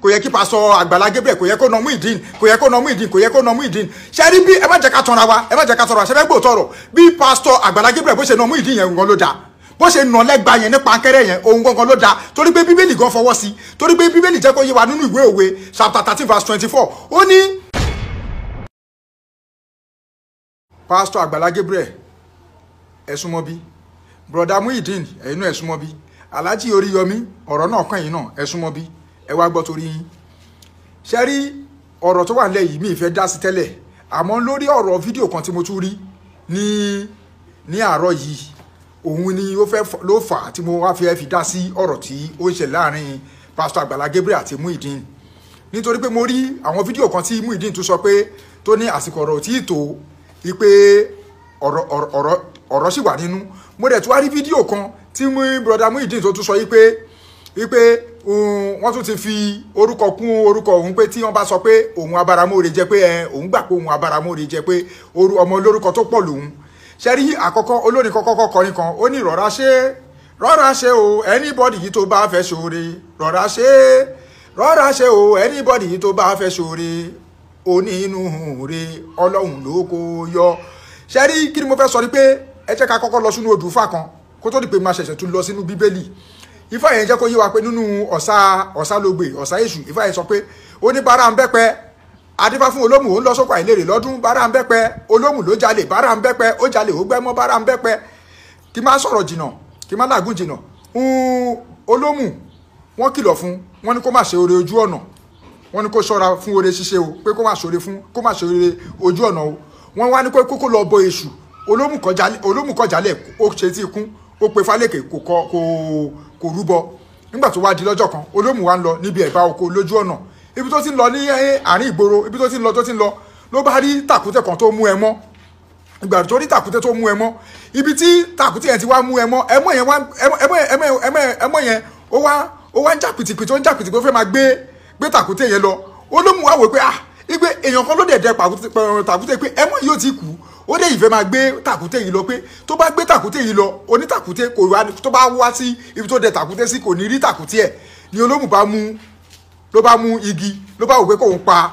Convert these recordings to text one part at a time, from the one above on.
kò yẹ kí pásọ Àgbàlá Gabriel kò yẹ kó nà Muyideen kò yẹ kó nà Muyideen kò yẹ kó nà Muyideen ṣe bí ẹ má jẹ ká tọra wa ẹ má jẹ ká tọra wa ṣe fẹ́ gbòòtọ̀ rọ̀ bí pásọ Àgbàlá Gabriel bó ṣe nà Muyideen yẹn nǹkan ló dáa bó ṣe nà lẹ́gba yẹn ní pankẹ́rẹ́ yẹn ohun gangan ló dáa torí pé bíbélì gan fọwọ́ sí torí pé bíbélì jẹ́ kó yé wa nínú ìwé òwe chapter thirteen verse twenty-four ó ní. pásítọ̀ Àgbàlá Gabriel ẹ̀sùn mọ́bí broda Muyideen ẹ̀yìn náà ẹ̀sùn mọ́bí Alhaji Oríyọmí ọ̀rọ̀ náà kàn yín náà ẹ̀sùn mọ́bí ẹ wá gbọ́ torí yín ṣe rí ọ̀rọ̀ tó wà nílẹ̀ yìí mi ìfẹ́ dá sí tẹ́lẹ̀ àmọ́ lórí ọ̀rọ̀ fídíò kan tí mo tún rí ní ní àárọ̀ yìí òun ni ó fẹ́ ló fà á tí mo wá fẹ́ fi dá sí ọ̀rọ̀ tí ó ń ṣe láàrin pásítọ̀ Àgbàlá Gabriel àti Muyideen nítorí pé mo rí àwọn fídíò kan tí Muyideen tún sọ pé tó ní àsìkò ọ̀rọ̀ tí ì tó i pé ọ̀rọ̀ ọ̀rọ̀ ọ̀rọ̀ sì wà nínú mo dẹ̀ tún wá rí fídíò kan tí brother Muyideen tó tún sọ yìí pé wípé um, wọ́n tún ti fi orúkọ kún orúkọ òun pé tí wọ́n bá sọ pé òun abáramóore jẹ́ pé òun gbà pé òun abáramóore jẹ́ pé ọmọ olórúkọ tó pọ̀ lòun ṣẹ́rí àkọ́kọ́ olórin kọ́kọ́ kọrin kan ó ní rọra ṣe rọra ṣe o anybody yìí tó bá fẹ́ ṣoore rọra ṣe rọra ṣe o anybody yìí tó bá fẹ́ ṣoore onínú re ọlọ́run ló kó yọ ṣẹ́rí kí ni mo fẹ́ sọ ni pé ẹ jẹ́ ká kọ́kọ́ lọ sínú odù fà kan kó tó di pé máa ṣẹ̀ṣẹ̀ tún lọ sínú bíbélì ifá yẹn jẹ́ kó yé wa pé nínú ọ̀sá ọ̀sá lógbè ọ̀sá èṣù ifá yẹn sọ pé ó ní bára ń bẹ́pẹ́ adífá fún olómù ó ń lọ sóko àìlèrè lọ́dún bára ń bẹ́pẹ́ olómù ló jalè bára ń bẹ́pẹ́ ó jalè ó gbẹ́mọ́ bára ń bẹ́pẹ́ kí má sọ̀rọ̀ jìnà kí má làágùn jìnà olómù wọ́n kìlọ̀ fún wọ́n ní kó má ṣe oore ojú ọ̀nà wọ́n ní kó ṣọ́ra fún oore ṣíṣe o pé kó má ṣoore fún kó má ṣoore ojú ọ̀nà o wọ́n wá ní kó kókó lọ bọ èṣù olómù kọjálẹ̀ ó ṣe tí ikún kó pe Fálékè kò kọ kò kò rúbọ nígbà tó wá di lọ́jọ́ kan olómù wa ń lọ níbi ẹ̀bá oko lójú ọ̀nà ibi tó ti ń lọ ní àárín ìgboro ibi tó ti ń lọ tó ti ń lọ ló bá rí tàkútẹ̀ kan tó mú ẹ mọ́ ìgbà tó rí tàkútẹ̀ tó mú ẹ mọ́ ibi tí tàkútẹ̀ yẹn ti wá mú ẹ mọ́ ẹmọ́ yẹn wá ẹmọ́ yẹn ó wá ó wá ń jà pìtìpìtì ó ń jà pìtìpìtì ó fẹ́ máa gbé gbé tàkútẹ̀ yẹn lọ olómù wa wò pé ah igbe èèyàn kan ló dẹ̀ dẹ tàkútẹ̀ pé ẹmọ́ yìí ó ó dé ìfẹ́ máa gbé tàkúté yìí lọ pé tó bá gbé tàkúté yìí lọ onítàkúté kò wá tó bá wá sí ibi tó dẹ tàkúté sí kò ní rí tàkúté ẹ̀ ni olóhùn bá mú ló bá mú igi ló bá wò pé kóun pa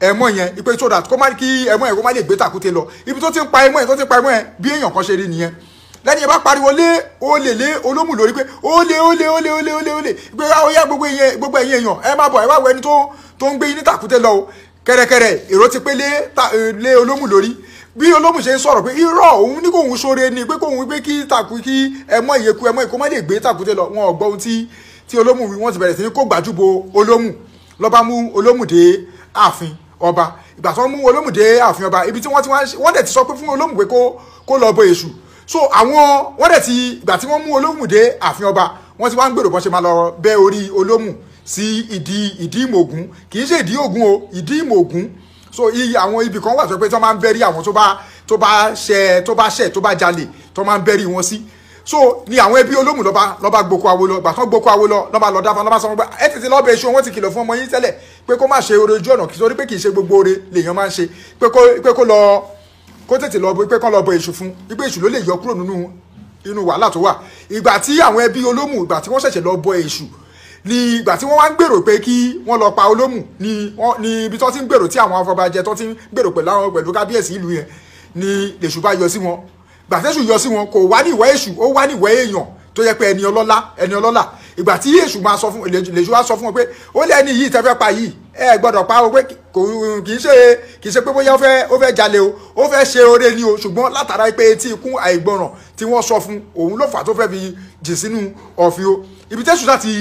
ẹmọ yẹn ipe so that kó má kí ẹmọ yẹn kó má lè gbé tàkúté lọ ibi tó ti ń pa ẹmọ yẹn tó ti ń pa ẹmọ yẹn bí èèyàn kan ṣe rí nìyẹn lẹ́ni ẹ bá pariwo lé olè lé olómù lórí pé olè olè olè olè olè olè pé ah, ó gbogbo ẹ̀yin gbogbo ẹ̀yin èèyàn ẹ má bọ̀ ẹ wá wọ ẹni tó ń gbé yín ní tàkúté lọ o kẹ̀rẹ̀kẹ̀rẹ̀ èrò ti pé lé olómù lórí bí olóògùn ṣe ń sọ̀rọ̀ pé irọ́ òun ní kóun ṣoore ni pé kóun pé kí tàkù kí ẹmọ ìyẹ̀kú ẹmọ ìkó má lè gbé tàkùté lọ wọn ò gbọ́ ohun tí tí olóòmù wí wọ́n ti bẹ̀rẹ̀ sí ní kó gbàjúbo olóòmù lọ́ba mú olóòmù dé ààfin ọba ìgbà tí wọ́n mú olóòmù dé ààfin ọba ibi tí wọ́n ti wọ́n dẹ̀ ti sọ pé fún olóòmù pé kó kó lọ bọ èṣù so àwọn wọ́n dẹ̀ ti ìgbà tí wọ́n mú olóòmù dé ààfin ọba wọ́n ti wá ń gbèrò bọ́n ṣe máa lọ bẹ́ orí olóòmù sí ìdí ìdí ìmọ̀ògùn kì í ṣe ìdí ògùn o ìdí ìmọ̀ògùn so iye àwọn ibì kan wà tó pé tó máa ń bẹ́rí àwọn tó bá tó bá ṣẹ tó bá ṣẹ tó bá jalè tó máa ń bẹ́rí wọn sí so ni àwọn ẹbí olómù lọ́ba lọ́ba gboko awo lọ gbàtàn gboko awo lọ lọ́ba lọ́ọ́ dáfa lọ́ba sọ wọn pé ẹ tètè lọ́ọ́ bẹ iṣu wọn ti kìlọ̀ fún ọmọ yín tẹ́lẹ̀ pé kó má ṣe oore ojú ọ̀nà torí pé kì í ṣe gbogbo oore lèèyàn máa ń ṣe pé kó pé kó lọ kó tètè lọ pé kó lọ bọ iṣu fún pé iṣu ló lè yọ kúrò nínú inú wàhálà tó wà ìgbà tí àwọn ẹbí olómù ìgbà tí wọ́n ṣẹ̀ṣẹ̀ lọ bọ iṣu Ni ìgbà tí wọ́n wá ń gbèrò pé kí wọ́n lọ pa olómù ní ni ibi tó ti ń gbèrò tí àwọn afọbajẹ tó ti ń gbèrò pẹ̀lú àwọn pẹ̀lú kábíyèsí ìlú yẹn ni lèṣù bá yọ sí wọn gbàtẹ́sù yọ sí wọn kò wá ní ìwẹ́ èṣù ó wá ní ìwẹ́ èèyàn tó yẹ pé ẹni ọlọ́lá ẹni ọlọ́lá ìgbà tí èṣù máa sọ fún lèṣù wá sọ fún wọn pé ó lé ẹni yìí tẹ́ fẹ́ pa yìí ẹ gbọ́dọ̀ pa o pé kò kì í ṣe kì í ṣe pé bóyá ó fẹ́ ó fẹ́ jalè o ó fẹ́ ṣe oore ni o ṣùgbọ́n látara pé etí ikún àìgbọràn tí wọ́n sọ fún òun ló fà tó fẹ́ fi jì sínú ọ̀fìn o ibi tẹ́sù láti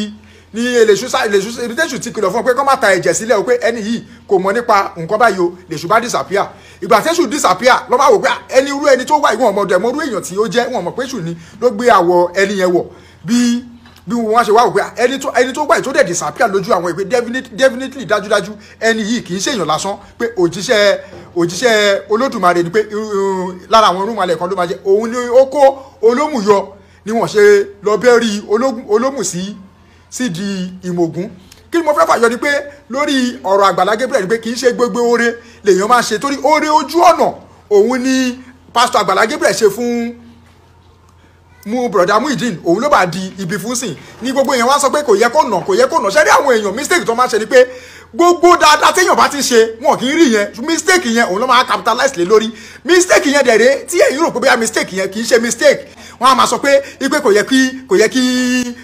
ni èlèṣù èlèṣù ibi tẹ́sù ti kìlọ̀ fún ọ pé kọ́ má ta ẹ̀jẹ̀ sílẹ̀ o pé ẹni yìí kò mọ̀ nípa nǹkan báyìí o lèṣù bá disappear ìgbà tẹ́sù disappear lọ́ bá wò pé ah, ẹni irú ẹni tó wà ìwọ̀n ọmọdé ẹ̀mọ́ irú èèyàn tí ó jẹ́ wọn mọ̀ pé èṣù ni ló gbé àwọ̀ ẹni yẹn wọ̀ bí bí wọn ṣe wá wò pé ah, ẹni tó ẹni tó wà tó dẹ̀ disappear lójú àwọn ìpè definitely dájúdájú ẹni yìí kì í ṣèyàn lásán pé òjíṣẹ́ òjíṣẹ́ olódùmarè ni pé lára àwọn irúnmalẹ̀ kan ló máa jẹ òun ni ó kó olómùyọ ni wọ́n ṣe lọ bẹ́ẹ̀ rí olómù sí sídìí ìmọ̀gún kí ni mo fẹ́ fàyọ ni pé lórí ọ̀rọ̀ Àgbàlá Gabriel ni pé kì í ṣe gbogbo oore lèèyàn máa ṣe torí oore ojú ọ̀nà òun ni pásítọ̀ Àgbàlá Gabriel ṣe fún Mu broda Muyideen òun ló bá di ibi fún sìn ní gbogbo èèyàn wá sọ pé kò yẹ kó nà kò yẹ kó nà ṣẹ́rí àwọn èèyàn mistake tó máa ṣe ni pé gbogbo dáadáa téèyàn bá ti ṣe wọn kì í rí yẹn mistake yẹn òun ló máa capitalize lé lórí mistake yẹn dẹ̀rẹ́ tí èyí rò pé bóyá mistake yẹn kì í ṣe mistake wọn a máa sọ pé ipe kò yẹ kí kò yẹ kí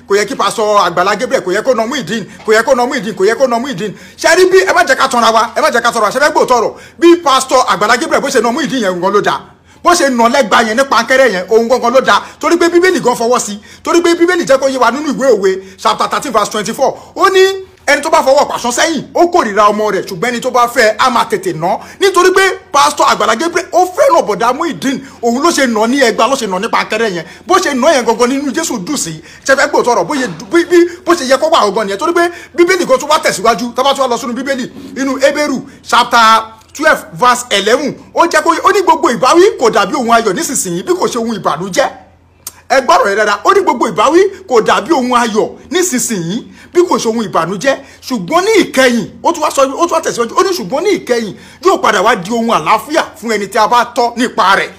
kò yẹ kí pásọ Àgbàlá Gabriel kò yẹ kó nà Muyideen kò yẹ kó nà Muyideen kò yẹ kó nà Muyideen ṣẹ́rí bí ẹ má jẹ́ ká tọ́ra wa ẹ má jẹ́ ká tọ́ra wa ṣẹ́fẹ́ gbòòtọ́rọ̀ bí pásọ Àgbàlá Gabriel bó ṣe nà Muyideen yẹn gan ló dáa bó ṣe nà lẹ́gba yẹn nípa akẹ́rẹ́ yẹn ohun gangan ló dáa torí pé bíbélì gan fọwọ́ sí torí pé bíbélì jẹ́ kó yé wa nínú ìwé òwe chapter thirteen verse twenty four ó ní ẹni tó bá fọwọ́ pàṣán sẹ́yìn ó kórìíra ọmọ rẹ̀ ṣùgbọ́n ẹni tó bá fẹ́ á máa tètè ná nítorí pé pásítọ̀ Àgbàlá Gabriel ó fẹ́ràn bọ̀dá Muyideen òun ló ṣe nà ní ẹgba ló ṣe nà nípa akẹ́rẹ́ yẹn bó ṣe nà yẹn gangan nínú Jésù dùn sí ṣẹfẹ́ gbò tọrọ bó ṣe yẹ kó wà ọgbọ́n nìyẹn torí pé bíbélì kan tó wá tẹ̀síwájú tábà tó wá lọ sínú bíbélì inú Hébérù chapter twelve verse eleven ó jẹ́ kó ó ní gbogbo ìbáwí kò dàbí ohun ayọ̀ nísinsìnyí bí kò ṣe ohun ìbànújẹ́ ẹ gbọ́rọ̀ rẹ dáadáa ó ní gbogbo ìbáwí kò dàbí ohun ayọ̀ nísinsìnyí bí kò ṣe ohun ìbànújẹ́ ṣùgbọ́n ní ìkẹyìn ó tún wá sọ ó tún wá tẹ̀síwájú ó ní ṣùgbọ́n ní ìkẹyìn yóò padà wá di ohun àlàáfíà fún ẹni tí a bá tọ́ nípa rẹ̀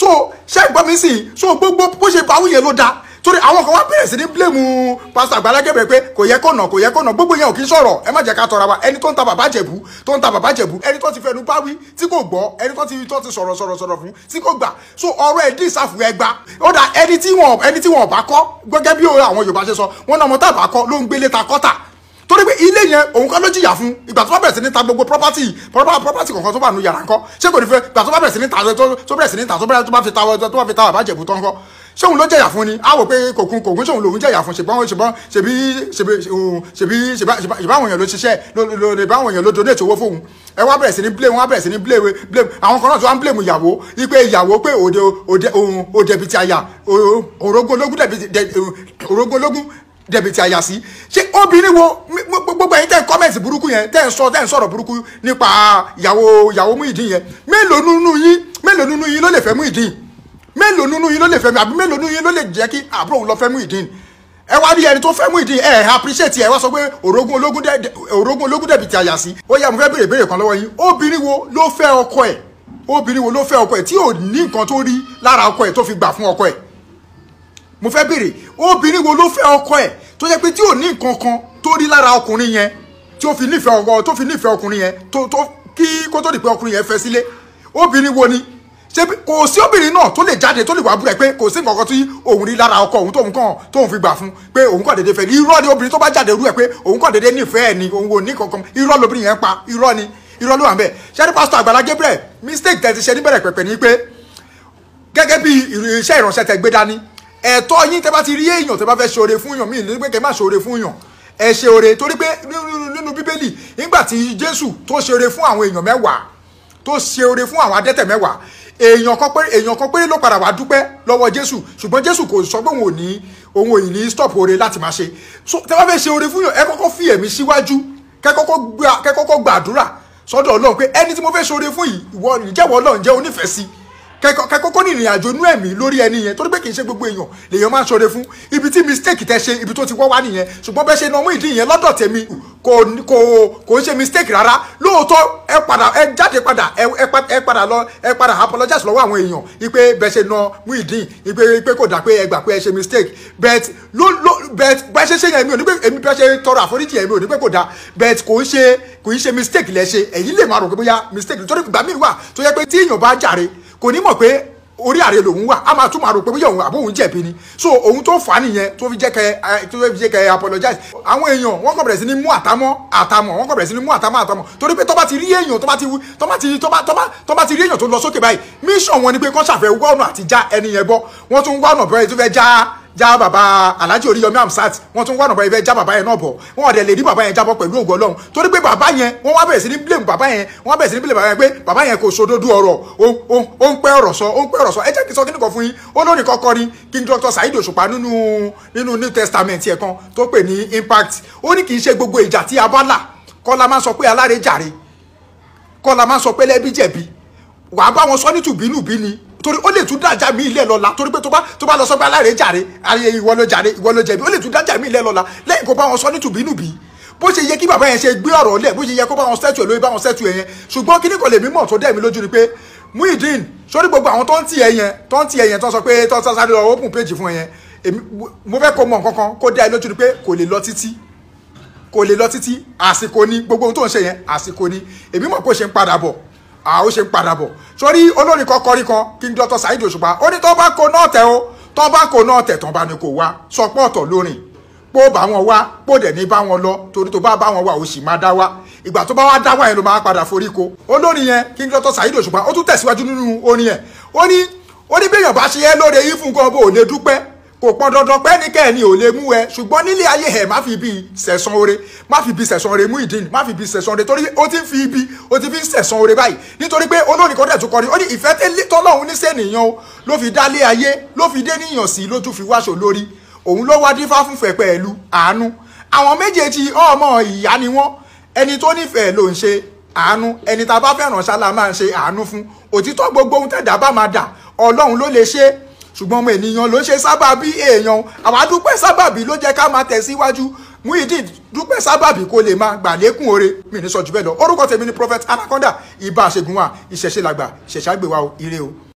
so ṣé ìgbọ́ mi sìn so gbogbo bó ṣe báwí yẹn ló dáa torí àwọn kan wá bẹ̀rẹ̀ sí ní blame pásítọ̀ Àgbàlá Gabriel pé kò yẹ kó nà kò yẹ kó nà gbogbo yẹn ò kí ń sọ̀rọ̀ ẹ má jẹ́ ká tọra wa ẹni tó ń ta bàbá jẹ̀bú tó ń ta bàbá jẹ̀bú ẹni tó ti fẹnu bá tí kò gbọ́ ẹni tó ti tó ti sọ̀rọ̀ sọ̀rọ̀ sọ̀rọ̀ fún tí kò gbà so ọ̀rọ̀ ẹ̀ dín ìsàfù ẹ gbà ó dà ẹni tí wọn ẹni tí wọn bá kọ́ gẹ́gẹ́ bí àwọn Yorùbá ṣe sọ wọn náà ọmọ tá bá kọ́ ló ń gbélé ta kọ́tà torí pé ilé yẹn òun kọ́ ló jìyà fún ìgbà tó bá bẹ̀rẹ̀ sí ní ta gbogbo property property kankan tó wà nù yàrá ńkọ́ ṣé kò ní fẹ́ ìgbà tó bá bẹ̀rẹ̀ sí ní ta tó bẹ̀rẹ̀ sí ní ta tó bá fi ta tó bá fi tán kọ́ ṣóun ló jẹ̀yà fún ni á wò pé kòkun kòkun ṣóun lòun jẹ̀yà fún ṣèbọn ṣèbọn ṣèbí ṣèbí ṣèbí ṣèbáwọn èèyàn ló ṣiṣẹ́ lóde báwọn èèyàn ló donate owó fóun ẹ wá bẹ̀rẹ̀ sí ní blame wọ́n bẹ̀rẹ̀ sí ní blame blame àwọn kan náà tó wá ń blame ìyàwó ipe ìyàwó pé òde òde òde bìtì àyà òrógún ológun òrógún ológun dẹ̀bi ti àyà um, sí ṣé obìnrin wo gbogbo ẹ̀yin tẹ́ ń kọ́mẹ̀ntì burúkú yẹn tẹ́ ń sọ tẹ́ ń sọ̀rọ̀ burúkú nípa ìyàwó ìyàwó Muyideen yẹn mélòó nínú yín mélòó nínú yín ló lè fẹ́ Muyideen mélòó nínú yín ló lè fẹ́ mi àbí mélòó nínú yín ló lè jẹ́ kí àbúrò òun lọ fẹ́ Muyideen ẹ wá rí ẹni tó fẹ́ Muyideen ẹ appreciate ẹ wá sọ pé orogún ológun orogún ológun dẹ̀bi ti àyà sí ó yá mo fẹ́ béèrè béèrè kan lọ́wọ́ yín obìnrin wo ló fẹ́ ọkọ ẹ̀ obìnrin wo ló fẹ́ ọkọ ẹ̀ tí ò ní nǹkan tó rí lára ọkọ ẹ̀ tó fi gbà fún ọkọ ẹ̀ mo fẹ́ béèrè obìnrin wo ló fẹ́ ọkọ ẹ̀ tó yẹ pé tí ò ní nǹkan kan tó rí lára ọkùnrin yẹn tí ó fi nífẹ̀ẹ́ ọkọ tó fi nífẹ̀ẹ́ ọkùnrin yẹn tó tó kí kó tó di pé ọkùnrin yẹn fẹ́ sílé obìnrin wo ni ṣé kò sí obìnrin náà tó lè jáde tó lè wá búra ẹ pé kò sí nǹkan kan tí òun rí lára ọkọ òun tóun kàn tóun fi gbà fún pé òun kàn déédéé fẹ́ ni irọ́ ni obìnrin tó bá jáde rú ẹ pé òun kàn déédéé nífẹ̀ẹ́ ni òun ò ní kankan irọ́ lobìnrin yẹn pa irọ́ ni irọ́ ló wà ń bẹ̀ pásítọ̀ Àgbàlá Gabriel mistake tẹ̀ ti ṣe níbẹ̀rẹ̀ pẹ̀pẹ̀ ni pé gẹ́gẹ́ bí iṣẹ́ ìránṣẹ́ tẹ gbé dání ẹ̀tọ́ yín tẹ bá ti rí èèyàn tẹ bá fẹ́ ṣoore fún èèyàn míì ní pé kẹ́ má ṣoore fún èèyàn ẹ ṣe oore torí pé nínú bíbélì nígbà tí Jésù tó ṣe oore fún àwọn èèyàn mẹ́wàá tó ṣe oore fún àwọn adẹ́tẹ̀ mẹ́wàá èèyàn kan péré èèyàn kan péré ló padà wá dúpẹ́ lọ́wọ́ jésù ṣùgbọ́n jésù kò sọ pé òun ò ní òun ò ní stop oore láti máa ṣe so tẹ bá fẹ́ ṣe oore fún yàn ẹ kọ́kọ́ fi ẹ̀mí síwájú kẹ́kọ́kọ́ gbàdúrà sọ́dọ̀ ọlọ́run pé ẹni tí mo fẹ́ ṣe oore fún yìí ìwọ ìjẹ́wọ́ ọlọ́run jẹ́ onífẹ̀ẹ́ sí i kẹ́kọ́kọ́ ní ìrìn àjò inú ẹ̀mí lórí ẹni yẹn torí pé kì í ṣe gbogbo èèyàn lèèyàn máa ń ṣoore fún ibi tí mistake tẹ ṣe ibi tó ti wọ́ wá nìyẹn ṣùgbọ́n bẹ́ẹ̀ ṣe na ọmú ìdí yẹn lọ́dọ̀ tèmi kò kò kò ń ṣe mistake rárá lóòótọ́ ẹ padà ẹ jáde padà ẹ padà lọ ẹ padà apologize lọ́wọ́ àwọn èèyàn ipe bẹ́ẹ̀ ṣe na ọmú ìdí ipe ipe kò dà pé ẹ gbà pé ẹ ṣe mistake but ló ló but bẹ́ẹ̀ ṣe ṣe yẹn mi ò ní pé èmi bẹ́ẹ̀ ṣe tọrọ àforíjì yẹn mi ò ní pé kò dà but kò ń ṣe kò ń ṣe mistake lẹ ṣe ẹ̀yin lè máa rò pé bóyá mistake nítorí ìgbà míì wà tó yẹ pé tí èèyàn bá jàre kò ní mọ̀ pé orí ààrẹ lòun wà á máa tún máa rò pé bóyá òun àbó jẹ̀bi ni so òun tó fà á nìyẹn tó fi jẹ́ kẹ eh, tó fi jẹ́ kẹ apologize àwọn èèyàn wọ́n kàn bẹ̀rẹ̀ sí ni mú àtàmọ́ àtàmọ́ wọ́n kàn bẹ̀rẹ̀ sí ni mú àtàmọ́ àtàmọ́ torí pé tó bá ti rí èèyàn tó bá ti tó bá ti tó bá tó ti rí èèyàn tó lọ sókè báyìí mission wọn ni pé kọ́ńṣàfẹ́ wọ́ọ̀nù àti já ẹni yẹn bọ́ wọ́n tún wọ́ọ̀nù bẹ́ẹ̀ tó fẹ́ já já bàbá alhaji oríyọmí amsat wọ́n tún wà nàbọ̀ ibẹ̀ já bàbá yẹn náà bọ̀ wọ́n ọ̀dẹ̀ lè rí bàbá yẹn jábọ̀ pẹ̀lú ògo ọlọ́run torí pé bàbá yẹn wọ́n wá bẹ̀rẹ̀ sí ní blame bàbá yẹn wọ́n bẹ̀rẹ̀ sí ní blame bàbá yẹn pé bàbá yẹn kò sódódú ọ̀rọ̀ ó ń pẹ́ ọ̀rọ̀ sọ ó ń pẹ́ ọ̀rọ̀ sọ ẹ jẹ́ kí n sọ kí nìkan fún yín ó lónìí kọ́kọ́ ni king dr saheed òṣùpá nínú nínú new testament yẹn kan tó pè ní impact ó ní kì í ṣe gbogbo ìjà tí a bá la máa sọ pé aláre jàre la máa sọ pé lẹ́bí jẹ̀bi wàá bá torí ó lè tún dájà mí ilé lọ́la torí pé tó bá tó bá lọ sọ́gbà aláàrẹ̀ jàre ayé ìwọ ló jàre ìwọ ló jẹ̀bi ó lè tún dájà mí ilé lọ́la lẹ́yìn kó bá wọn sọ ní tùbínùbí bó ṣe yẹ kí bàbá yẹn ṣe gbé ọ̀rọ̀ lẹ̀ bó ṣe yẹ kó bá wọn sẹ́tù ẹ̀ lórí bá wọn sẹ́tù ẹ̀ yẹn ṣùgbọ́n kí ni kò lè mímọ̀ tó dẹ̀ mí lójú ni pé Muyideen sórí gbogbo àwọn tó ń tì ẹ yẹn tó ń tì ẹ yẹn tó sọ pé tó sáré lọ open page fún ẹ yẹn èmi mo fẹ́ kó mọ̀ nǹkan kan kó dá ẹ lójú ni pé kò lè lọ títí kò lè lọ títí àsìkò ni gbogbo ohun tó ń ṣe yẹn àsìkò ni èmi mọ̀ kó ṣe ń padà bọ̀ a ó ṣe ń padà bọ̀ sórí olórin kan kọrin kan King Dr. Saheed Òṣùpá ó ní tó bá kó náà tẹ o tó bá kó náà tẹ tán bá ní kó wá sọ pọ̀ ọ̀tọ̀ lórin pó bá wọn wá pó dẹ̀ ní bá wọn lọ torí tó bá bá wọn wá ó sì máa dá wá ìgbà tó bá wá dá wá yẹn ló máa padà forí ko olórin yẹn King Dr. Saheed Òṣùpá ó tún tẹ̀síwájú nínú orin yẹn ó ní ó ní bí èèyàn bá ṣe yẹ lóore yìí fún gan bó ò lè dúpẹ́ kò pọn dandan pé ẹnikẹ́ni ò lè mú ẹ ṣùgbọ́n nílé ayé ẹ̀ má fi bí sẹ̀sán oore má fi bí sẹ̀sán oore Muyideen má fi bí sẹ̀sán oore torí ó ti ń fi bi ó ti fi ń sẹ̀sán oore báyìí nítorí pé olórin kan dẹ̀tún kọrin ó ní ìfẹ́ tọ́lọ́hún ní sẹ́nìyàn o ló fi dálé ayé ló fi dé níyàn sí lójú fi wáṣọ lórí òun ló wá dífá fún fẹ̀ pẹ̀lú àánú àwọn méjèèjì ọmọ ìyá ni wọ́n ẹni tó nífẹ̀ẹ́ ló ń ṣe àánú ẹni tá a bá fẹ́ràn ṣálá máa ń ṣe àánú fún òtítọ́ gbogbo ohun tẹ̀dá bá máa dà ọlọ́run ló lè ṣe é ṣùgbọ́n ọmọ ènìyàn ló ṣe sábàbí èèyàn àwa dúpẹ́ sábàbí ló jẹ́ ká máa tẹ̀síwájú Muyideen dúpẹ́ sábàbí kó lè máa gbà lékún oore mi ní sọ jù bẹ́ẹ̀ lọ orúkọ tèmi ni Prophet Anaconda ibà ṣègùn wa ìṣẹ̀ṣe làgbà ìṣẹ̀ṣe àgbèwà o ire o.